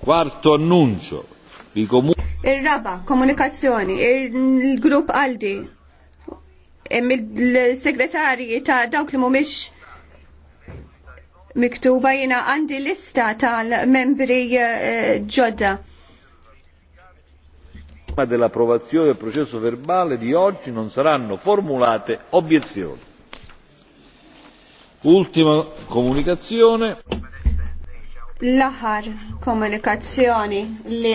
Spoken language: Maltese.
Quarto annuncio. Il-raba, komunikazzjoni, il-grupp Aldi, il-segretarji ta' dawk li mumiex miktuba jina għandi lista tal-membri eh, ġodda. Ma dell'approvazione del processo verbale di oggi non saranno formulate obiezioni. Ultima comunicazione l-aħħar komunikazzjoni li